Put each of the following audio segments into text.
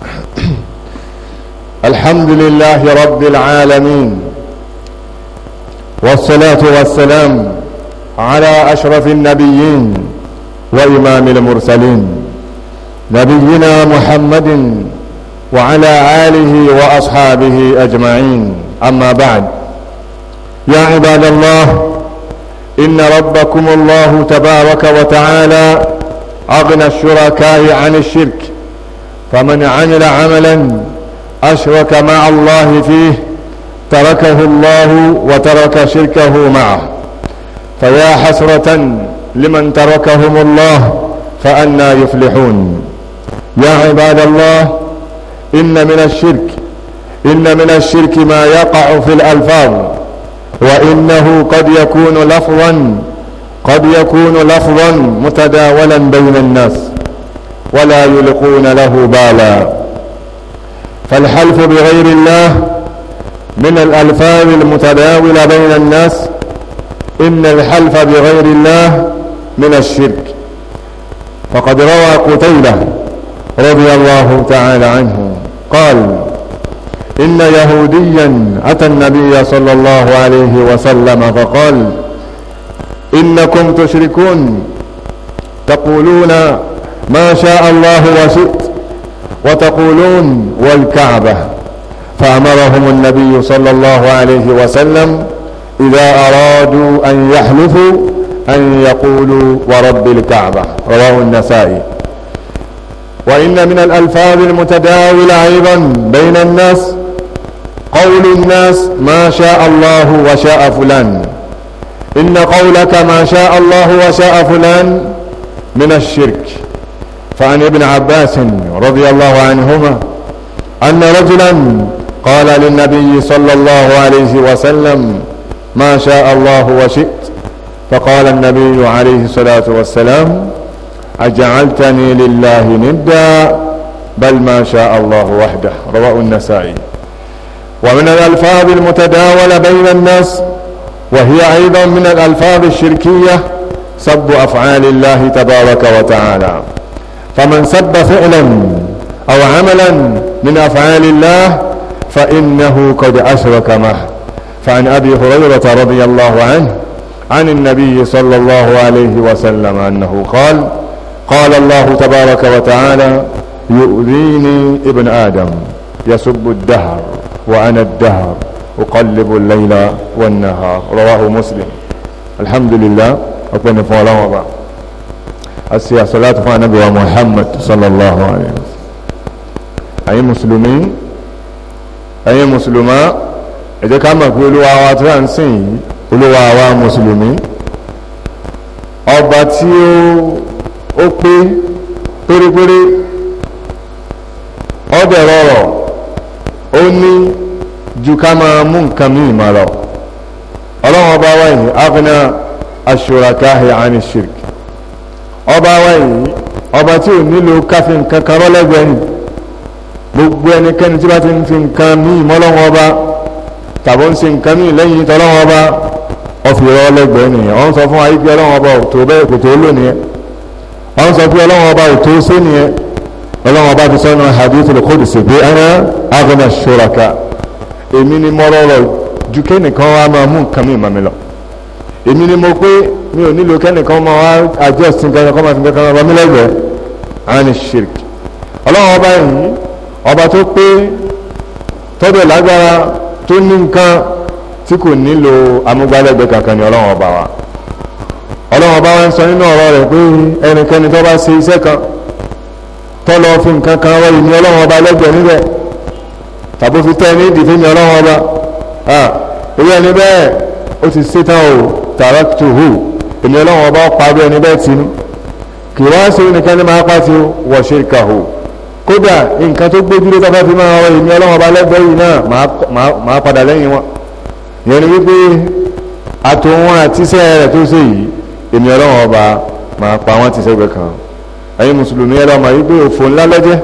الحمد لله رب العالمين والصلاة والسلام على أشرف النبيين وإمام المرسلين نبينا محمد وعلى آله وأصحابه أجمعين أما بعد يا عباد الله إن ربكم الله تبارك وتعالى أغنى الشركاء عن الشرك فمن عمل عملا أشرك مع الله فيه تركه الله وترك شركه معه فيا حسرة لمن تركهم الله فأنا يفلحون يا عباد الله إن من الشرك إن من الشرك ما يقع في الألفاظ وإنه قد يكون لفظا قد يكون لفظا متداولا بين الناس ولا يلقون له بالا فالحلف بغير الله من الألفاظ المتداولة بين الناس إن الحلف بغير الله من الشرك فقد روى قتيبة رضي الله تعالى عنه قال إن يهوديا أتى النبي صلى الله عليه وسلم فقال إنكم تشركون تقولون ما شاء الله وشئت وتقولون والكعبة فأمرهم النبي صلى الله عليه وسلم إذا أرادوا أن يحلفوا أن يقولوا ورب الكعبة رواه النسائي وإن من الألفاظ المتداولة أيضا بين الناس قول الناس ما شاء الله وشاء فلان إن قولك ما شاء الله وشاء فلان من الشرك فعن ابن عباس رضي الله عنهما أن رجلا قال للنبي صلى الله عليه وسلم ما شاء الله وشئت فقال النبي عليه الصلاة والسلام أجعلتني لله ندا بل ما شاء الله وحده رواه النسائي ومن الألفاظ المتداولة بين الناس وهي أيضا من الألفاظ الشركية سب أفعال الله تبارك وتعالى فمن سب فعلا أو عملا من أفعال الله فإنه قد أشرك معه فعن أبي هريرة رضي الله عنه عن النبي صلى الله عليه وسلم أنه قال قال الله تبارك وتعالى يؤذيني ابن آدم يسب الدهر وأنا الدهر أقلب الليل والنهار رواه مسلم الحمد لله أكبر فعلا وبعد àti àsọ̀látù fún anábì wa Muhammad sallallahu alayhi wa sallam ẹ̀yin mùsùlùmí ẹ̀yin mùsùlùmá ẹ jẹ́ ká mọ̀ pé olúwa wa tí wọ́n ń sìn yìí olúwa wa mùsùlùmí ọba tí ó pé pérépéré ọdẹ rọrọ ó ní ju ká máa mú nǹkan míì máa lọ ọlọ́run ọba wa afẹ́nà aṣọ́ra káhìá ní àwọn tí ò nílò káfí nǹkan kan rọ́lẹ́gbẹ̀ẹ́ yìí gbogbo ẹnikẹ́ni tí bá ti ń fi nǹkan míì mọ́lọ́wọ́ ọba tàbí ń ṣe nǹkan míì lẹ́yìn tọ́lọ́wọ́ ọba ọ̀fìrọ̀ ọlẹ́gbẹ̀ẹ́ nìyẹn ọ̀n sọ fún ayíkẹ́ ọlọ́wọ́ ọba òtò bẹ́ẹ̀ kò tó lò nìyẹn ọ̀n sọ pé ọlọ́wọ́ ọba òtò sí nìyẹn ọlọ́wọ́ ọba ti sọ́nà hadith al-Qudsi pé ana èmi ni mo rọrọ̀ ju wa pé mi ò nílò kẹ́nìkan máa wá adjust nǹkan kan máa fi nǹkan kan máa mi lẹ́gbẹ̀ẹ́ àni shirk ọlọ́run ọba yìí ọba tó pé tọ́dọ̀ lágbára tó ní nǹkan tí kò nílò amúgbálẹ́gbẹ́ kankan ni ọlọ́run ọba wa ọlọ́run ọba wa ń sọ nínú ọ̀rọ̀ rẹ̀ pé ẹnikẹ́ni tó bá ṣe iṣẹ́ kan tó lọ fi nǹkan kan rọ ìní ọlọ́run ọba lẹ́gbẹ̀ẹ́ níbẹ̀ tàbó fi tẹ́ ní ìdìfẹ́ ní ọlọ́run ọba èyí ẹni bẹ́ẹ̀ ó ti ṣetán o tààràtúhù èmi ọlọ́run ọba parí ẹni bẹ́ẹ̀ tinú kì í wá sí nìkan ní máa pàṣẹ wọ̀ ṣe kàhó kódà nǹkan tó gbójúlé tó bá fi máa wọ èmi ọlọ́wọ́n bá lẹ́gbẹ́ yìí náà máa padà lẹ́yìn wọn ìyẹn ni wípé àtòun àtisẹ́ rẹ̀ tó ṣe yìí èmi ọlọ́wọ́n ọba máa pa wọ́n ti sẹ́gbẹ̀ẹ́ kan ẹ̀yin mùsùlùmí ẹlọ́mọ wípé òfò ńlá lọ́jẹ́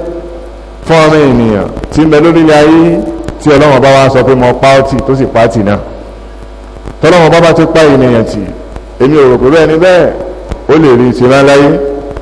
fún ọmọ ènìyàn tí ń bẹ lórí ilé ayé tí ọlọ́wọ́n bá wá sọ pé mo pa tó sì pa náà tọ́lọ́wọ́n bá bá tó pa ènìyàn tì èmi ò rò pé bẹ́ẹ̀ ni bẹ́ẹ̀ ó lè rí ìtura láyé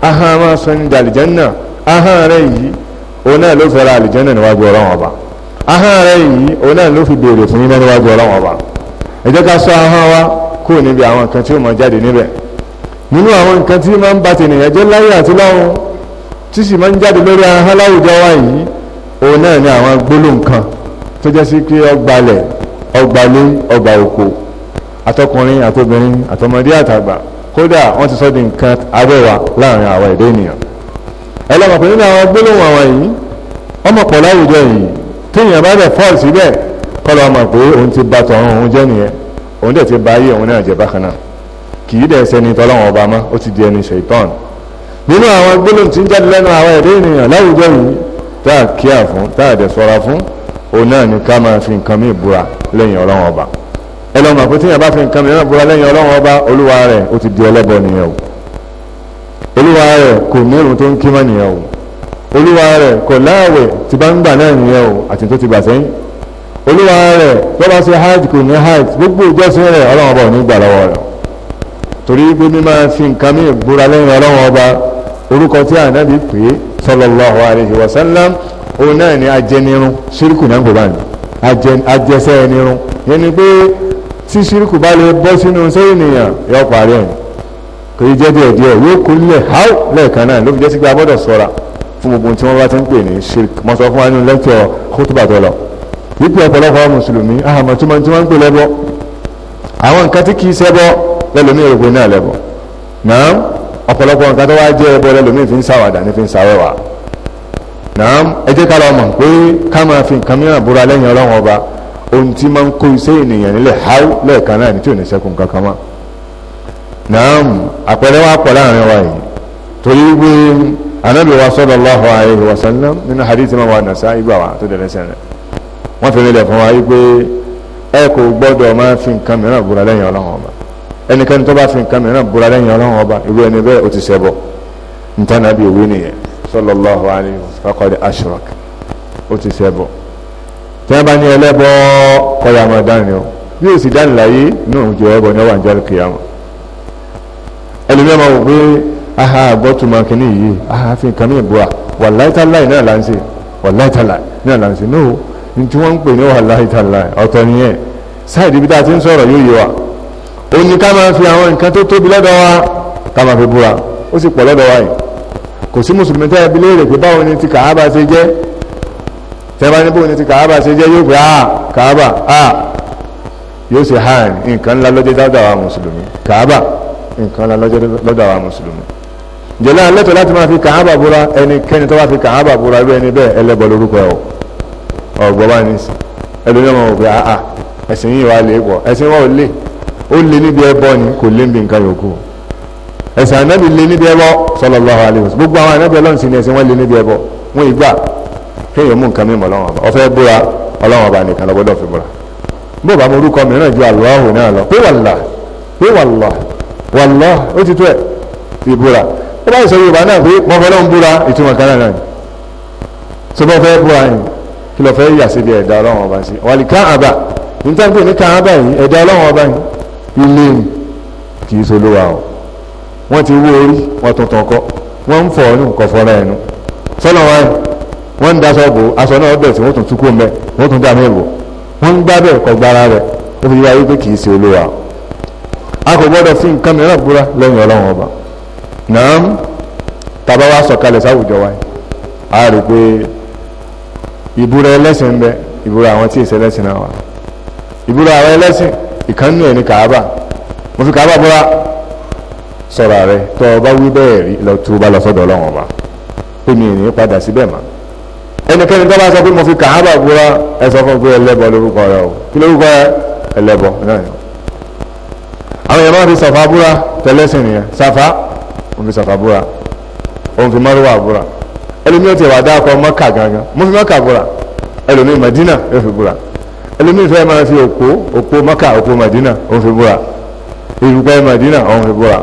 ahọ́n máa sọ ní dàlìjánà ahọ́n rẹ̀ yìí òun náà ló fẹ́ra àlìjánà níwájú ọlọ́run ọba ahọ́n rẹ̀ yìí òun náà ló fi béèrè fún yín níwájú ọlọ́run ọba ẹ jẹ́ ká sọ ahọ́n wa kó níbi àwọn nǹkan tí ó máa jáde níbẹ̀ nínú àwọn nǹkan tí máa ń ba tènìyàn jẹ́ láyé àti lọ́run tí sì máa ń jáde lórí ahọ́n láwùjọ wa yìí òun ni àwọn gbólóhùn kan tó jẹ́ sí pé ọgbàlẹ̀ ọgbàlé ọgbà òkò àtọkùnrin àtobìnrin àtọmọdé àtàgbà kódà wọ́n ti sọ di nǹkan abẹ́wà láàrin àwa èdè ènìyàn ẹlọ́mọ̀ pé nínú àwọn gbólóhùn àwọn yìí ọmọ pọ̀ láwùjọ yìí téèyàn bá dẹ̀ fọ́ọ̀lù síbẹ̀ kọ́lọ́ ọmọ pé òun ti ba tọ̀run òun jẹ́ nìyẹn òun dẹ̀ ti ba ayé òun náà jẹ́ bákan náà kì í dẹ̀ sẹ́ni tọ́lọ́wọ́n ọba mọ́ ó ti di ẹni ṣèitán nínú àwọn gbólóhùn tí ń jáde lẹ́nu àwọn èdè ènìyàn láwùjọ yìí tá a kíyà fún tá a dẹ̀ sọ́ra fún òun náà ni ká máa fi nǹkan míì búra lẹ́yìn ọlọ́wọ́n ọba ẹlọ́mọ àpótí yẹn bá fi nǹkan mìíràn búra lẹ́yìn ọlọ́run ọba olúwa rẹ̀ ó ti di ẹlẹ́bọ nìyẹn o olúwa rẹ̀ kò mírun tó ń kí mọ́ nìyẹn o olúwa rẹ̀ kò láàwẹ̀ tí bá ń gbà náà nìyẹn o àti tó ti gbà sẹ́yìn olúwa rẹ̀ tó bá ṣe hajj kò ní hajj gbogbo ìjọsìn rẹ̀ ọlọ́run ọba ò ní gbà lọ́wọ́ rẹ̀ torí pé mi máa fi nǹkan mìíràn búra lẹ́yìn ọlọ́run ọba orúkọ tí ànábì pè é sallallahu alaihi wasallam òun náà ni ajẹnirun ṣírkù náà ń gbò báyìí ajẹsẹ́ ẹnirun yẹn ni pé tí ṣíríkù bá lè bọ́ sínú sẹ́yìn èèyàn yọ parí ẹ̀ kò yí jẹ́ díẹ̀ díẹ̀ yóò kó lẹ̀ háù lẹ́ẹ̀kan náà ló fi jẹ́ sí pé a gbọ́dọ̀ sọ́ra fún gbogbo tí wọ́n bá ti ń pè ní ṣírík mo sọ fún wa nínú lẹ́kítọ̀ kótóbà tó lọ wípé ọ̀pọ̀lọpọ̀ mùsùlùmí àmọ́ tí wọ́n ń pè lẹ́bọ àwọn nǹkan tí kìí ṣẹbọ lẹ́lòmí lẹ́lòmí fi náà ohun tí máa ń kó iṣẹ́ ènìyàn nílẹ̀ háú lẹ́ẹ̀kan náà ní tí ò ní sẹ́kùn kankan mọ́ naam àpẹẹrẹ wa pọ̀ láàrin wa yìí torí wí anábì wa sallallahu alaihi wa sallam nínú hadith máa wà nàṣá ìgbà wa tó dẹ̀rẹ́ sẹ́rẹ̀ wọ́n fi nílẹ̀ fún wa yìí pé ẹ kò gbọ́dọ̀ máa fi nǹkan mìíràn búra lẹ́yìn ọlọ́run ọba ẹnikẹ́ni tó bá fi nǹkan mìíràn búra lẹ́yìn ọlọ́run ọba irú ẹni bẹ́ẹ̀ ó ti ṣẹbọ ntànàbí òwe nìyẹn sallallahu alaihi wa sallam faqad ashrak ó tí wọ́n bá ní ẹlẹ́bọ kọyà máa dání o bí o sì dání láyé inú òun jẹ ẹbọ ní ọwọ́ àjọ kìyàmọ ẹlòmíà máa wò pé aha àgbọ̀tùmọ̀ kìíní yìí aha fi nǹkan mìíràn bua wàláì tàláì náà là ń ṣe wàláì tàláì náà là ń ṣe no n tí wọ́n ń pè ní wàláì tàláì ọ̀tọ̀ nìyẹn sáìdì ibi tá a ti ń sọ̀rọ̀ yóò yé wa ó ní ká máa fi àwọn nǹkan tó tóbi lọ́dọ̀ wa ká máa fi búra ó sì pọ̀ lọ́dọ̀ wa yìí kò sí mùsùlùmí tẹ́ ẹ bí léèrè pé báwo ni ti kàábà ṣe jẹ́ tẹ́bá níbo ni ti kàábà ṣe jẹ́ yóò pé ah kàábà ah yóò ṣe hàn nǹkan ńlá lọ́jọ́ lọ́dọ̀ àwọn mùsùlùmí kàábà nǹkan ńlá lọ́jọ́ lọ́dọ̀ àwọn mùsùlùmí jẹ́lá lẹ́tọ̀ láti máa fi kàábà búra ẹnikẹ́ni tó bá fi kàábà búra irú ẹni bẹ́ẹ̀ ẹlẹ́bọ lórúkọ ẹ̀ ọ̀gbọ́ bá ní sí ẹlòmíràn wọn ò pé ah ah ẹ̀sìn yìí wà lè pọ̀ ẹ̀sìn wọn ò lè ó lè níbi ẹbọ ni kò lè níbi nǹkan yòókù ẹ̀sìn ànábì lè níbi ẹbọ sallallahu alaihi wasallam gbogbo àwọn ànábì ọlọ́run sì ni ẹ̀sìn wọn lè níbi ẹbọ wọn ì gbà kéèyàn mú nǹkan mímọ́ ọlọ́wọ́n ọba ọfẹ́ búra ọlọ́wọ́n ọba nìkan lọ́gbọ́dọ̀ fi búra bó bá mú orúkọ mìíràn ju àlùwáhù náà lọ pé wàlá pé wàlá wàlá ó ti tó ẹ̀ fi búra ó bá ìsọ yorùbá náà pé wọ́n fẹ́ lọ́n búra ìtumọ̀ kan náà ni tó bá fẹ́ búra yìí kí lọ́ fẹ́ yà sí bí ẹ̀dá ọlọ́wọ́n ọba sí wàlí ká àbà níta pé ní ká àbà yìí ẹ̀dá ọlọ́wọ́n ọba yìí ilé kì í solówà o wọ́n ti wó orí wọ́n tuntun kọ́ wọ́n ń fọ̀ ọ́ nù kọ́ fọ́ra ẹnu sọ́nà wáyé wọ́n ń daṣọ bò aṣọ náà ọdọ̀ tí wọ́n tún túkú mẹ́ wọ́n tún dá mẹ́wò wọ́n ń gbábẹ̀ kọ gbára rẹ̀ ó fi yá wípé kì í ṣe olúwa a kò gbọ́dọ̀ fi nǹkan mìíràn búra lẹ́yìn ọlọ́run ọba náà tàbá wa sọ̀kalẹ̀ sáwùjọ wa a rí pé ìbúra ẹlẹ́sìn ń bẹ ìbúra àwọn tí ìṣẹlẹ́sìn náà wà ìbúra àwọn ẹlẹ́sìn ìkànnì ẹ̀ ní kàábà mo fi kàábà búra sọ̀rọ̀ rẹ̀ tọ́ ọ bá wí bẹ́ẹ̀ rí lọ bá lọ sọ́dọ̀ ọlọ́run ọba pé mi ì padà síbẹ̀ mọ́ ẹnikẹ́ni tó bá sọ pé mo fi kàhábà búra ẹ sọ fún pé ẹlẹ́bọ lórúkọ rẹ o kí lórúkọ rẹ ẹlẹ́bọ náà yẹn àwọn èèyàn máa fi sàfà búra tẹlẹsìn nìyẹn sàfà òun fi sàfà búra òun fi mọ́rùwà búra ẹlòmíì ti wà dáàkọ mọ́kà gangan mo fi mọ́kà búra ẹlòmíì mẹ́dínà yóò fi búra ẹlòmíì fẹ́ máa fi òpó òpó mọ́kà òpó mẹ́dínà òun fi búra ìrùkọ́ mẹ́dínà òun fi búra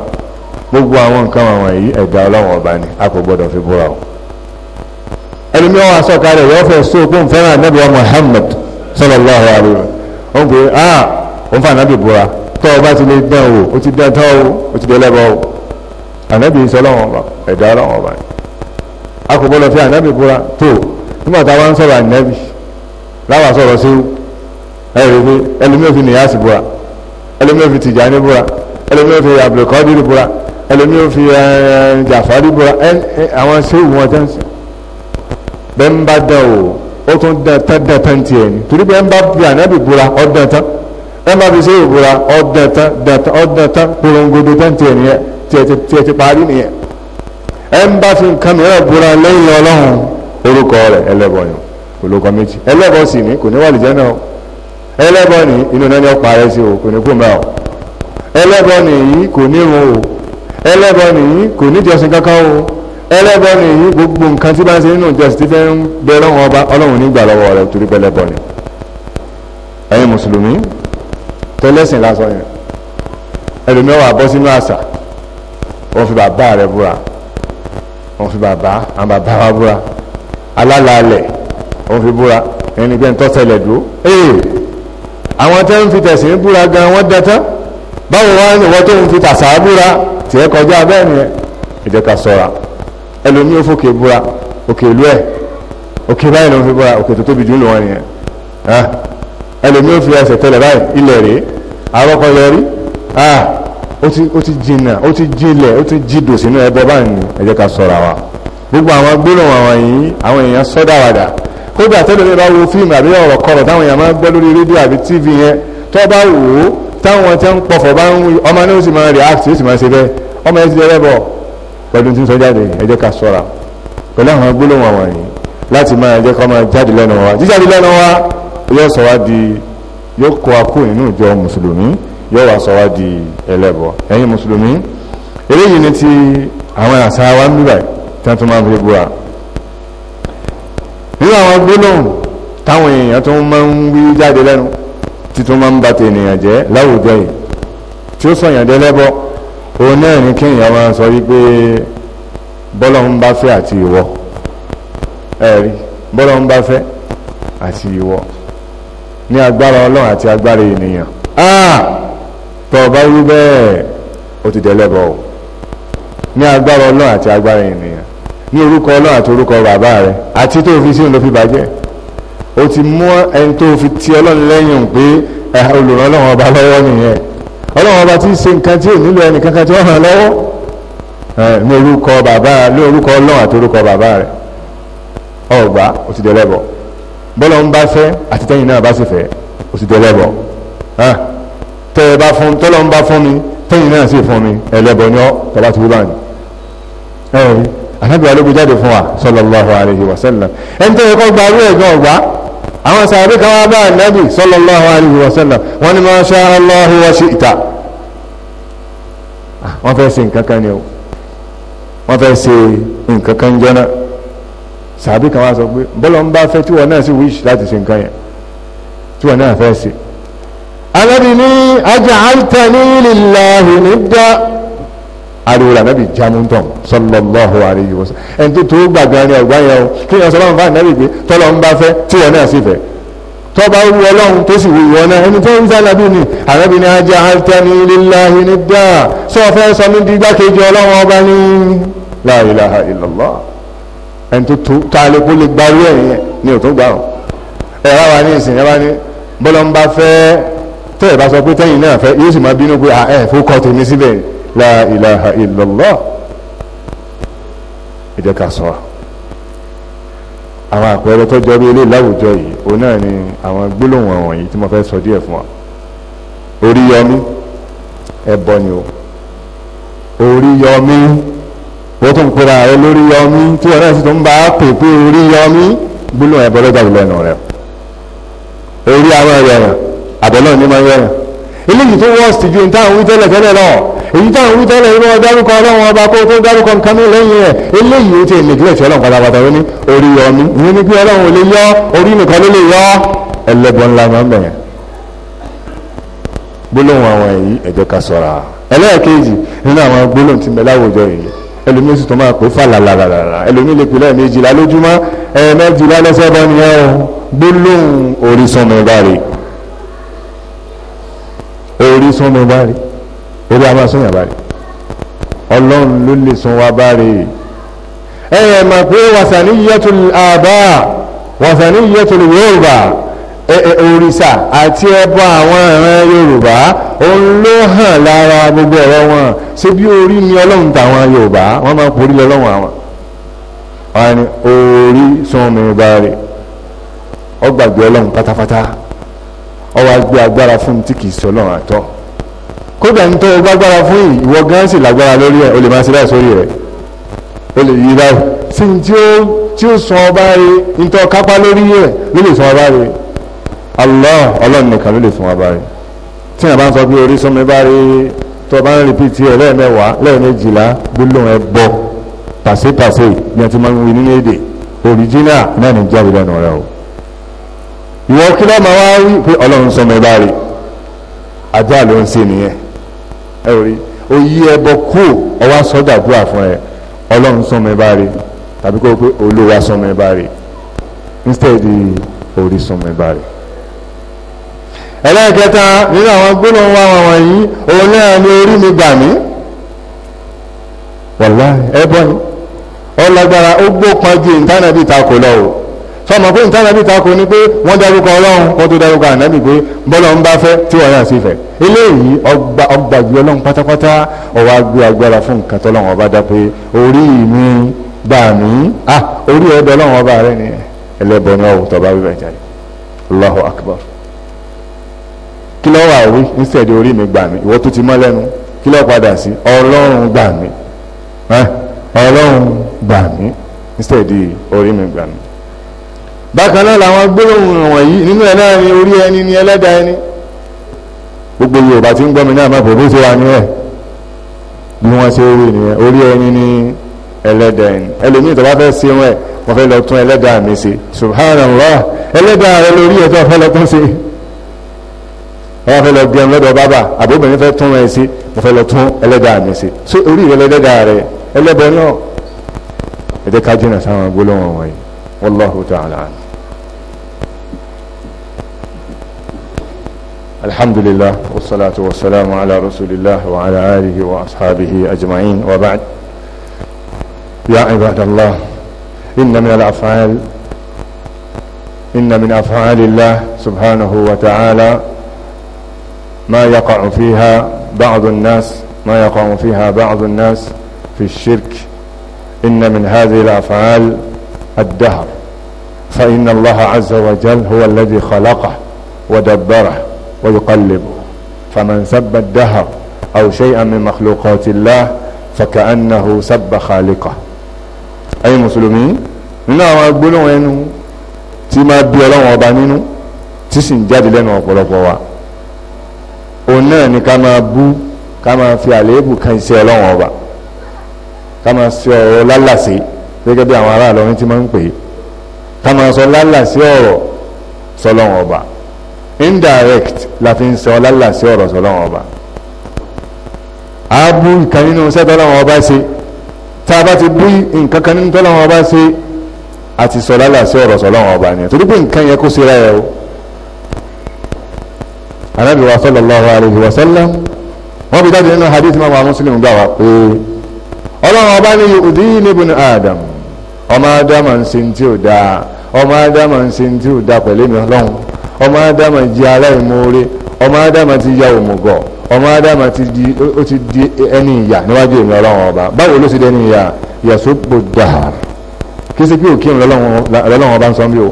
gbogbo àwọn nǹkan àwọn yìí ẹ̀dá ọlọ́run ọba ni a kò gbọ́dọ̀ fi búra o ẹni mi wà sọ̀ka rẹ̀ yọ fẹ́ so kó n fẹ́ràn anabi wa Muhammad sallallahu alayhi wa ó ń pè é ah ó ń fa anabi bora tọ́ ọ bá ti lè dán o ó ti dán tán o ó ti dẹ́lẹ́bọ o anabi sọ lọ́wọ́n ọba ẹ̀dá lọ́wọ́n ọba a kò gbọ́dọ̀ fi anabi bora tó nígbà tá a bá ń sọ̀rọ̀ anabi láwa sọ̀rọ̀ sí ẹ̀rọ pé ẹlòmíì fi nìyàsí bora ẹlòmíì fi tìjàní bora ẹlòmíì fi abdulkadir bora ẹlòmíì fi eh, jafari bora àwọn sẹ́wù wọn tẹ́sán bẹ́ẹ̀ ń bá dán o ó tún dán tán dán tán tiẹ̀ ni torí bẹ́ẹ̀ ń bá fi ànábì búra ọ́ dán tán bẹ́ẹ̀ ń bá fi ṣe ìbúra ọ́ dán tán dán tán ọ́ dán tán porongodo tán tiẹ̀ nìyẹn tiẹ̀ ti parí nìyẹn ẹ̀ ń bá fi nǹkan mìíràn búra lẹ́yìn ọlọ́run orúkọ rẹ̀ ẹlẹ́bọ̀yàn olókọ méjì ẹlẹ́bọ̀ sì ní kò ní wà lìjẹ́ náà ẹlẹ́bọ̀ ní inú náà ni ọ̀pá rẹ̀ sí o kò ní kúmbà o ẹlẹ́bọ̀ nìyí kò ní irun o ẹlẹ́bọ̀ nìyí kò ní ìjọsìn kankan o ẹlẹ́bọ ni èyí gbogbo nǹkan tí bá ń ṣe nínú ìjọsìn tí fẹ́ ń bẹ lọ́wọ́ ọba ọlọ́run nígbà lọ́wọ́ rẹ̀ torí pé ẹlẹ́bọ ni ẹ̀yin mùsùlùmí tẹ́lẹ̀sìn lásán yẹn ẹlòmíwàá bọ́ sínú àṣà wọ́n fi bàbá rẹ̀ búra wọ́n fi bàbá àwọn bàbá wa búra alálàálẹ̀ wọ́n fi búra ẹni pé ń tọ́sẹ̀lẹ̀ dúró ee àwọn tẹ́ ń fi tẹ̀sìn búra gan wọ́n dẹ́tán báwo wá ní ìwọ́n tó ń fi tàṣà búra tiẹ̀ kọjá bẹ́ẹ̀ nìyẹn ẹ ẹlòmíì ó fòkè búra òkè ìlú ẹ̀ òkè báyìí ló ń fi búra òkè tó tóbi jù ń lò wọ́n nìyẹn ah, ẹlòmíì ó fi ẹsẹ̀ tẹ̀lẹ̀ báyìí ilẹ̀ rèé àrọ́kọ yọrí ah, ó ti jìnà ó ti jinlẹ̀ ó ti jìdò sínú ẹbọ báyìí ni ẹ jẹ́ ká sọ̀rọ̀ àwa gbogbo àwọn gbólóhùn àwọn yìí àwọn èèyàn sọ́dàwàdà kódà tẹ́lẹ̀ mi bá wo fíìmù àbí ọ̀rọ̀ kọ̀rọ̀ táwọn èèyàn máa ń gbọ́ lórí rédíò àbí tv yẹn tó bá wò ó táwọn tí ń pọ̀fọ̀ bá ń ọmọ náà ó sì máa react ó sì máa ṣe bẹ́ẹ̀ ọmọ yẹn ti dẹ́rẹ́ bọ̀ pẹ̀lú tí ń sọ jáde ẹ jẹ́ ká ṣọ́ra pẹ̀lú àwọn gbólóhùn àwọn yìí láti máa jẹ́ kọ́ máa jáde lẹ́nu wa jíjáde lẹ́nu wa yóò sọ wá di yóò kó akó inú ìjọ mùsùlùmí yóò wá sọ wá di ẹlẹ́bọ ẹ̀yin mùsùlùmí eléyìí ni ti àwọn àṣà wa ń bíbà tí wọ́n tún máa fi búra nínú àwọn gbólóhùn táwọn èèyàn tó máa ń wí jáde lẹ́nu títún máa ń bàtẹ̀ ènìyàn jẹ́ láwùjọ yìí tí ó sọ̀yàn dẹ́lẹ́bọ̀ọ́ òun náà ní kí èèyàn máa sọ wípé bọ́lọ́hún bá fẹ́ àti ìwọ ẹ̀rí bọ́lọ́hún bá fẹ́ àti ìwọ ní agbára ọlọ́run àti agbára ènìyàn ah! tọ́ ọ bá wí bẹ́ẹ̀ ó ti dẹ́lẹ́bọ̀ o ní agbára ọlọ́run àti agbára ènìyàn ní orúkọ ọlọ́run àti orúkọ bàbá rẹ àti tó fi sínú ló fi bàjẹ́ o ti mú ẹni tó fi ti ọlọ́run lẹ́yìn pé olùrànlọ́wọ́ ọba lọ́wọ́ nìyẹn ọlọ́run ọba tí ń ṣe nǹkan tí ò nílò ẹnì kankan tí wọ́n hàn lọ́wọ́ ní orúkọ bàbá ní orúkọ ọlọ́run àti orúkọ bàbá rẹ̀ ọgbà ó ti dẹlẹ́bọ̀ bọ́lọ̀ ń bá fẹ́ àti tẹ́yìn náà bá sì fẹ́ ó ti dẹlẹ́bọ̀ tẹ́ ẹ bá fún tọ́lọ́ ń bá fún mi tẹ́yìn náà sì fún mi ẹlẹ́bọ ni ọ́ tọ́ba ti wú bá ní. àtàbí wa jáde fún wa sallallahu àwọn sàbí kan wá bá ànábì sallallahu alaihi wasallam wọ́n ní ma sha Allahu wa shi'ta ah, wọ́n fẹ́ ṣe nǹkan kan ni o wọ́n fẹ́ ṣe nǹkan kan jọ́nà sàbí kan wá sọ pé bọ́lọ̀ ń bá fẹ́ tí wọ́n náà sì wíṣ láti ṣe nǹkan yẹn tí wọ́n náà fẹ́ ṣe. ànábì ní aj'altani lillahi nidda ariwo la nabi jamutɔn sallallahu alayhi wa sallam ẹni tó tó gbàgbà ni ọgbà yẹn o kí ni ọsọlọ́run bá nàbì gbé tọ́lọ́ ń bá fẹ́ tí wọn náà sì fẹ́ tọ́ba wù ọlọ́run tó sì wù wọn náà ẹni tó ń sá nàbì ni ànábì ni ajá altani lillahi ni dáa sọ fẹ́ sọ ní dígbàkejì ọlọ́run ọba ní la ilaha tó tó tó alẹ́ kó lè gbarú ẹ̀ yẹn ni ò tó gbà ọ́ ẹ̀ wà ní ìsìn la ilaha illallah ìjẹ́ ká sọ àwọn àpẹẹrẹ tó jọrí ilé láwùjọ yìí òun náà ni àwọn gbólóhùn ọ̀wọ̀n yìí tí mo fẹ́ sọ díẹ̀ fún wa orí yọmí ẹbọ ni o orí yọmí wọ́n tún pera rẹ lórí yọmí tí wọ́n náà sì tún bá pè pé orí yọmí gbólóhùn ẹbọ lọ́jà ìlú ẹnu rẹ orí àwọn ẹ̀yẹ̀rẹ̀ àbẹ̀lọ́ọ̀ ní máa ń yẹ̀rẹ̀ eléyìí tó wọ́ọ̀sì ju ní táwọn wí tẹ́lẹ̀ tẹ́lẹ̀ náà èyí táwọn wí tẹ́lẹ̀ inú ọdárúkọ ọlọ́run ọba kó tó dárúkọ nǹkan mi lẹ́yìn rẹ̀ eléyìí ó ti neglect ọlọ́run pátápátá ó ní orí yọ mí ìyẹn ni pé ọlọ́run ò lè yọ orí nìkan ló lè yọ ẹlẹ́bọ ńlá máa ń bẹ̀rẹ̀ gbólóhùn àwọn èyí ẹ jẹ́ ká ṣọ́ra ẹlẹ́ẹ̀kejì nínú àwọn gbólóhùn tí mẹ́lá àwùjọ yìí ẹlòmí sì tó máa pè fàlàlàlàlà ẹlòmí lè pè lẹ́ẹ̀mejìlá lójúmọ́ ẹ̀ẹ̀mẹ́jìlá lọ́sẹ̀ bọ́ nìyẹn o gbólóhùn orísun mi bá rí orísun mi bá rí orí a máa sún yàrá rẹ̀ ọlọ́run ló lè sún wa bá rẹ̀ ẹ ẹ mà pé wasaniyatul àbá wasaniyatul yorùbá òrìṣà àti ẹbọ àwọn ìran yorùbá òun ló hàn lára gbogbo ọ̀rọ̀ wọn ṣé bí orí ni ọlọ́run tàwọn yorùbá wọ́n máa ń porí lọ́lọ́run àwọn wọ́n orí sún mi bá ọgbàgbé ọlọ́run pátápátá ọwọ́ agbé agbára fún tí kìí sọ ọlọ́run àtọ́ kódà ń tọ́ gbágbára fún yìí ìwọ gan sì lágbára lórí ẹ̀ o lè máa ṣe láì sórí rẹ̀ o lè yí báyìí sí ní tí ó sọ ọba rẹ̀ ń tọ́ kápá lórí ẹ̀ ló lè sọ ọba rẹ̀ Allah ọlọ́run nìkan ló lè sọ ọba rẹ̀ tí yàrá bá ń sọ pé orí sọmi bá rí tó bá ń rìpíìtì ẹ̀ lẹ́ẹ̀mẹ́wàá lẹ́ẹ̀mejìlá gbólóhùn ẹ̀ bọ̀ pàṣípàṣẹ ni a ti máa ń wí nínú èdè òrìjínà náà ní jáde lẹ́nu rẹ̀ o ìwọ kí lọ́ọ́ máa wá rí pé ọlọ́run sọmi bá rí ajá ló ń ṣe nìyẹn ẹ ò rí oyí ẹbọ kúò ọwá sọ́dà dúà fún ẹ ọlọ́run sọmọ ẹ bá rí tàbí kó o pé olówó sọmọ ẹ bá rí instead orí sọmọ ẹ bá rí ẹlẹ́ẹ̀kẹta nínú àwọn gbólóhùn wa wọn wọ̀nyí òun náà ní orí mi gbà mí wàláhì ẹbọ ni ọlọ́gbára ó gbó pọ́njú ìtànàbí ìtakò lọ́wọ́ sọmọ pé nǹkan ànábì tako ni pé wọ́n dárúkọ ọlọ́run kó tó dárúkọ ànábì pé bọ́lọ̀ ń bá fẹ́ tí wọ́n yà sí fẹ́ eléyìí ọgbà ju ọlọ́run pátápátá ọwọ́ agbé agbára fún nǹkan tọ́lọ́run ọba dá pé orí mi gbà mí ah orí ọ̀dọ̀ ọlọ́run ọba rẹ ni ẹlẹ́bọ ni ọ̀hún tọ́ba bíbẹ̀ jáde Allahu Akbar kí ló wà wí instead orí mi gbà mí ìwọ tó ti mọ́ lẹ́nu kí ló padà sí ọlọ́run gbà mí eh, ọlọ́run gbà mí instead orí mi gbà mí bákan náà làwọn gbólóhùn wọ̀nyí nínú ẹ̀ náà ni orí ẹni ni ẹlẹ́dà ẹni gbogbo yorùbá tí ń gbọ́ mi náà má bòbó ṣe wà ní ẹ̀ bí wọ́n ṣe rí nìyẹn orí ẹni ni ẹlẹ́dà ẹni ẹlòmíì tó bá fẹ́ ṣe wọn ẹ̀ wọ́n fẹ́ lọ tún ẹlẹ́dà mi ṣe subhanallah ẹlẹ́dà rẹ lórí ẹ̀ tó fẹ́ lọ tún ṣe wọ́n fẹ́ lọ gẹun lọ́dọ̀ bábà àbóbìnrin fẹ́ tún ẹ̀ ṣe wọ́n fẹ́ lọ tún ẹlẹ́dà mi ṣe so orí rẹ lẹ́dà rẹ ẹlẹ́bọ náà ẹ̀jẹ̀ ká jìnnà sáwọn gbólóhùn wọ̀nyí الحمد لله والصلاة والسلام على رسول الله وعلى آله وأصحابه أجمعين وبعد يا عباد الله إن من الأفعال إن من أفعال الله سبحانه وتعالى ما يقع فيها بعض الناس ما يقع فيها بعض الناس في الشرك إن من هذه الأفعال الدهر فإن الله عز وجل هو الذي خلقه ودبره ويقلب فمن سب الدهر أو شيئا من مخلوقات الله فكأنه سب خالقه أي مسلمين nínú àwọn agbóhùn ẹnu tí máa bí ọlọ́run ọba nínú tí sì ń jáde lẹ́nu ọ̀pọ̀lọpọ̀ wa òun náà ni ká máa bú ká máa fi àléébù kan iṣẹ́ ọlọ́run ọba ká máa sọ ọ̀rọ̀ lálàsí gẹ́gẹ́ bí àwọn aráàlú ti máa ń pè é sọ lálàsí ọ̀rọ̀ sọlọ́run ọba indirect la fi ń sọ lálà sí ọ̀rọ̀ sọlọ́wọ́n ọba àbú ìkan nínú iṣẹ́ tọ́lọ́wọ́n ọba ṣe tá a bá ti bú nǹkan kan nínú tọ́lọ́wọ́n ọba ṣe àti sọ lálà sí ọ̀rọ̀ sọlọ́wọ́n ọba ni torí pé nǹkan yẹn kó ṣera yẹ o anabi wa sallallahu alayhi wa sallam wọ́n fi jáde nínú hadith mọ́mọ́ muslim gbà wá pé ọlọ́wọ́n ọba ní udini ibn adam ọmọ adam ń tí ò dáa ọmọ adam ń tí ò dáa pẹ̀lú mi ọlọ́run ọmọ ádámà jẹ́ aláìmoore ọmọ ádámà ti ya òmùgọ̀ ọmọ ádámà ti di ó ti di ẹni ìyà níwájú èmi ọlọ́run ọba báwo ló ti dẹni ìyà yẹ̀só gbòdà kí sí pé òkè ọlọ́run ọba ń sọ bí o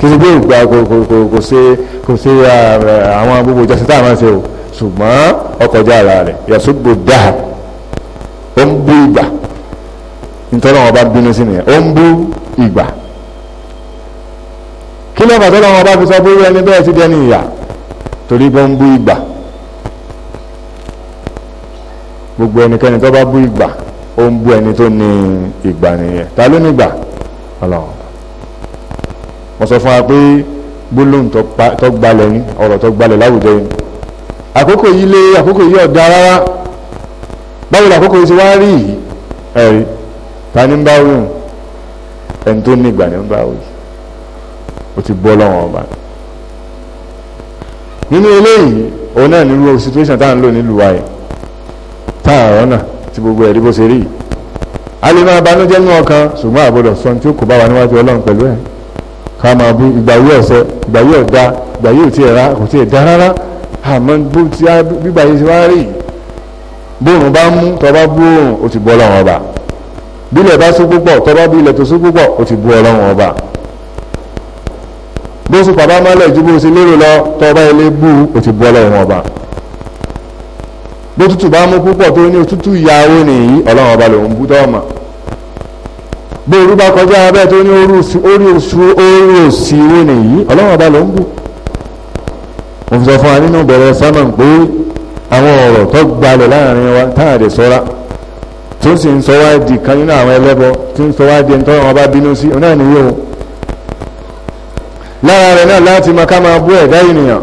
kí sí pé ògbà kò ṣe kò ṣe àwọn gbogbo ìjọsìn tá a máa ṣe o ṣùgbọ́n ọkọjá ara rẹ̀ yẹ̀só gbòdà ó ń bú ìgbà nítorí ọba bínú sí nìyẹn ó ń bú ìgbà kí ló bàtọ́ lọ́wọ́ bá fi sọ pé ẹni bẹ́ẹ̀ ti dẹni ìyà torí bọ́ ń bú ìgbà gbogbo ẹnikẹ́ni tó bá bú ìgbà ó ń bú ẹni tó ní ìgbà nìyẹn ta ló ní ìgbà ọlọ́run mo sọ fún wa pé gbólóhùn tó gbalẹ̀ ní ọ̀rọ̀ tó gbalẹ̀ láwùjọ yìí àkókò yìí lé àkókò yìí ọ̀dà rárá báwo làkókò yìí ti wá rí yìí ẹ̀rí ta ni ń bá wù ẹni tó ní ìgbà ni ń bá wù yìí ó ti gbọ́ lọ́wọ́ ọba nínú eléyìí òun náà nílùú situation táà ń lò nílùú wáyé táà rọ́nà tí gbogbo ẹ̀rí bó ṣe rí yìí a lè máa banújẹ́ ní ọkàn ṣùgbọ́n àbọ̀dọ̀ sọ tí ó kò bá wa níwájú ọlọ́run pẹ̀lú ẹ̀ ká máa bú ìgbàyé ọ̀sẹ̀ ìgbàyé ọ̀dá ìgbàyé ò tiẹ̀ rá kò tiẹ̀ dá rárá àmọ́ bó ti á bíbá yìí ṣe wá rí bóòrùn bá mú tó bá bú òòrùn ó ti bú ọlọ́run ọba bílẹ̀ bá sún púpọ̀ tó bá bí ilẹ̀ tó sún púpọ̀ ó ti bú ọlọ́run ọba bó sùn pàbá mọ́lẹ̀ ju bó ṣe lérò lọ tọba ilé bú o ti bọ́ lọ́wọ́ ọba bó tútù bá mú púpọ̀ tó ní òtútù ìyàwó nìyí ọlọ́run ọba lòún bú tọ́ọ̀mà bó orú bá kọjá abẹ́ tó ní orí oṣù orí òsì ìwé nìyí ọlọ́run ọba lòún bú mo fi sọ fún wa nínú bẹ̀rẹ̀ sámà pé àwọn ọ̀rọ̀ tó gbalẹ̀ láàrin wa táàdì sọ́ra tó sì ń sọ wá di kan nínú àwọn ẹlẹ́bọ tí ń sọ wá di ẹni tọ́rọ̀ wọn bá bínú sí ọ náà lára rẹ̀ náà láti máa ká máa bú ẹ̀dá ènìyàn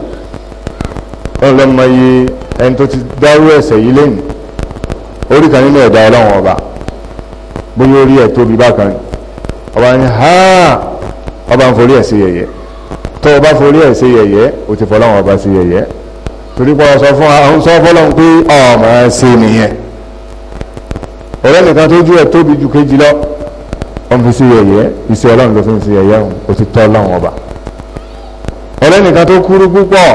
ọlọ́mọye ẹni tó ti dárú ẹ̀ṣẹ̀ yìí lẹ́yìn orí kan nínú ẹ̀dá ọlọ́run ọba bóyá orí ẹ̀ tóbi bákan ọba ní ha ọba ń forí ẹ̀ sí yẹ̀yẹ́ tó o bá forí ẹ̀ sí yẹ̀yẹ́ o ti fọlọ́run ọba sí yẹ̀yẹ́ torí pé ọ sọ fún ọ sọ fọlọ́run pé ọmọ ẹ ṣe nìyẹn ọ̀rẹ́ nìkan tó ju ẹ̀ tóbi ju kejì lọ ọmọ fi sí yẹ̀yẹ́ iṣẹ́ ọlọ́run ló fi ń sí yẹ̀yẹ́ o ti tọ́ ọlọ́run ọba ọlẹ́nìkan tó kúrú púpọ̀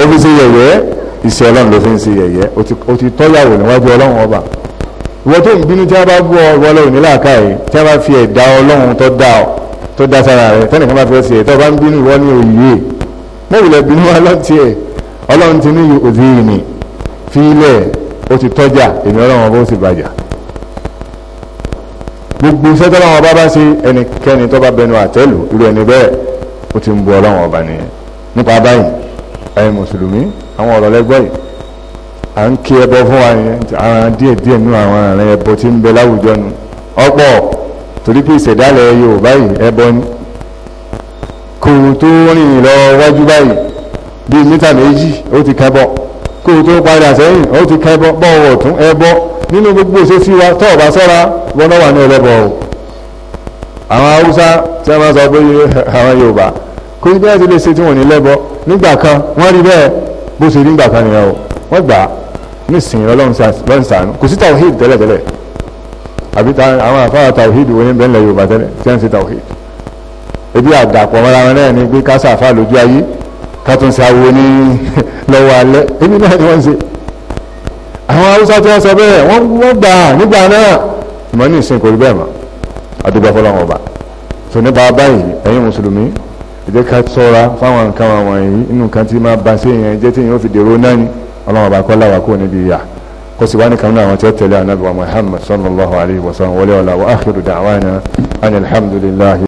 ó fi ṣe yẹ̀yẹ́ ìṣe ọlọ́run ló fi ń ṣe yẹ̀yẹ́ ó ti tọ́yàwó níwájú ọlọ́run ọba ìwọ tó ń bínú tí a bá bú ọ ìwọ lọ́rùn nílà káyìí tí a bá fi ẹ̀dá ọlọ́run tó dá ọ tó dá sára rẹ tẹ́nìkan bá fẹ́ ṣe ẹ̀ tó bá ń bínú ìwọ ní òyìí mẹ́wìlẹ̀ bínú ọlọ́tí ọlọ́run ti ní òdì ìní fi ilẹ̀ ó ti tọ́jà èmi ọlọ́run ọba ó sì bàjà gbogbo iṣẹ́ tọ́lọ́run ọba bá ṣe ẹnikẹ́ni tó bá bẹnu àtẹ́lù irú ẹni bẹ́ẹ̀ ó ti ń bu ọlọ́run ọba nìyẹn nípa báyìí ẹ̀yin mùsùlùmí àwọn ọ̀rọ̀ lẹ́gbọ́ yìí à ń kí ẹbọ fún wa yẹn ara díẹ̀ díẹ̀ nínú àwọn àrùn ẹbọ tí ń bẹ láwùjọ nu ọ̀pọ̀ torí pé ìṣẹ̀dálẹ̀ Yorùbá yìí ẹbọ ni kò tó rìn lọ wájú báyìí bíi mítà méjì ó ti kẹbọ kò tó padà sẹ́yìn ó ti kẹbọ bọ́ọ̀wọ̀ tún ẹbọ nínú gbogbo ìṣesí wa tọ́ọ̀ bá sọ́ra wọn náà wà ní ẹlẹ́bọ o àwọn Haúsá tí wọ́n sọ pé àwọn Yorùbá kò ní bẹ́ẹ̀ ti lè ṣe tí wọ́n ní lẹ́bọ nígbà kan wọ́n rí bẹ́ẹ̀ bó ṣe rí nígbà kan nìyẹn o wọ́n gbà á nísìnyí lọ́n sànù kò sí tawhid tẹ́lẹ̀tẹ́lẹ̀ àbí àwọn àfáà tawhid wo ní bẹ́ẹ̀ lẹ Yorùbá tẹ́lẹ̀ tí wọ́n ṣe tawhid ebi àdàpọ̀ mọ́ra náà ni pé ká sàfà lójú ayé ká tún awo ní lọ́wọ́ alẹ́ ebi náà ni wọ́n ṣe àwọn Haúsá tí wọ́n sọ bẹ́ẹ̀ wọ́n gbà nígbà náà ìmọ̀ ní ìsìn kò rí bẹ́ẹ̀ mọ́ àdúgbò fọlọ́wọn ọba tò nípa báyìí ẹ̀yin mùsùlùmí ẹ̀jẹ̀ ká sọ́ra fáwọn nǹkan wọ̀nyí inú nǹkan tí máa ba sí yẹn jẹ́ tí yẹn ó fi dèrò náà ni ọlọ́run ọba kọ́ láwa kó níbi ìyà kó sì wá ní kan náà àwọn tí ó tẹ̀lé ànábì wa Muhammad sallallahu alayhi wa sallam wọlé ọ̀la wa akhiru da'wana anilhamdulilahi.